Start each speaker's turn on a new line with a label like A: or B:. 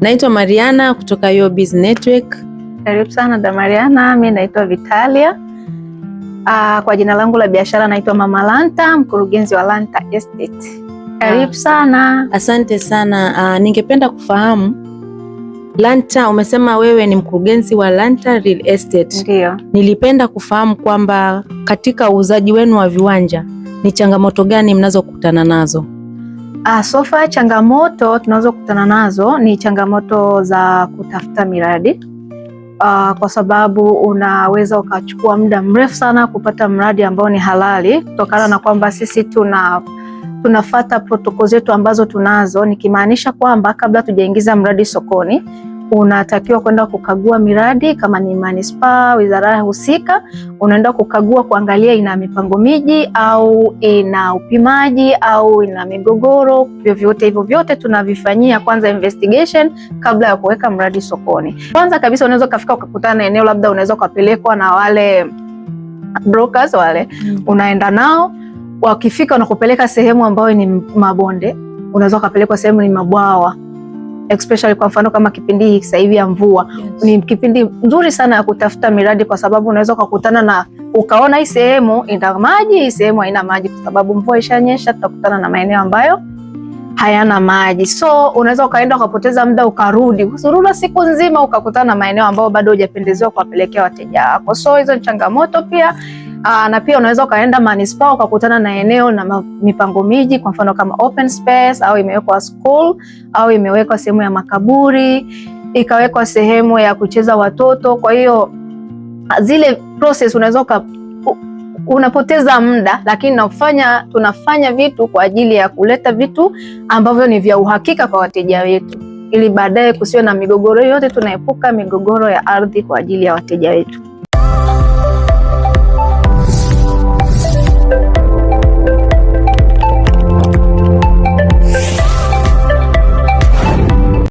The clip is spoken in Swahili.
A: Naitwa Mariana kutoka Your Network.
B: Karibu sana da Mariana, mi naitwa Vitalia. Uh, kwa jina langu la biashara naitwa Mama Lanta, mkurugenzi wa Lanta Estate. Karibu ah. sana.
A: Asante sana. Uh, ningependa kufahamu Lanta, umesema wewe ni mkurugenzi wa Lanta Real Estate. Nilipenda kufahamu kwamba katika uuzaji wenu wa viwanja ni changamoto gani mnazokutana nazo?
B: Uh, ah, sofa changamoto tunazokutana nazo ni changamoto za kutafuta miradi uh, kwa sababu unaweza ukachukua muda mrefu sana kupata mradi ambao ni halali, kutokana na kwamba sisi tuna tunafata protokoli zetu ambazo tunazo, nikimaanisha kwamba kabla tujaingiza mradi sokoni unatakiwa kwenda kukagua miradi kama ni manispaa, wizara husika, unaenda kukagua kuangalia ina mipango miji au ina upimaji au ina migogoro. Vyovyote hivyo vyote tunavifanyia kwanza investigation kabla ya kuweka mradi sokoni. Kwanza kabisa unaweza ukafika ukakutana na eneo, labda unaweza ukapelekwa na wale brokers wale, mm. unaenda nao, wakifika wanakupeleka sehemu ambayo ni mabonde, unaweza ukapelekwa sehemu ni mabwawa especially kwa mfano kama kipindi hiki sasa hivi ya mvua yes. Ni kipindi nzuri sana ya kutafuta miradi kwa sababu unaweza ukakutana na ukaona hii sehemu ina maji, hii sehemu haina maji, kwa sababu mvua ishanyesha, tutakutana na maeneo ambayo hayana maji. So unaweza ukaenda ukapoteza muda ukarudi usurura siku nzima ukakutana na maeneo ambayo bado hujapendezewa kuwapelekea wateja wako. So hizo ni changamoto pia Aa, ah, na pia unaweza ukaenda manispaa ukakutana na eneo na mipango miji, kwa mfano kama open space au imewekwa school au imewekwa sehemu ya makaburi, ikawekwa sehemu ya kucheza watoto. Kwa hiyo zile process unaweza unapoteza muda lakini nafanya, tunafanya vitu kwa ajili ya kuleta vitu ambavyo ni vya uhakika kwa wateja wetu, ili baadaye kusiwe na migogoro yote. Tunaepuka migogoro ya ardhi kwa ajili ya wateja wetu.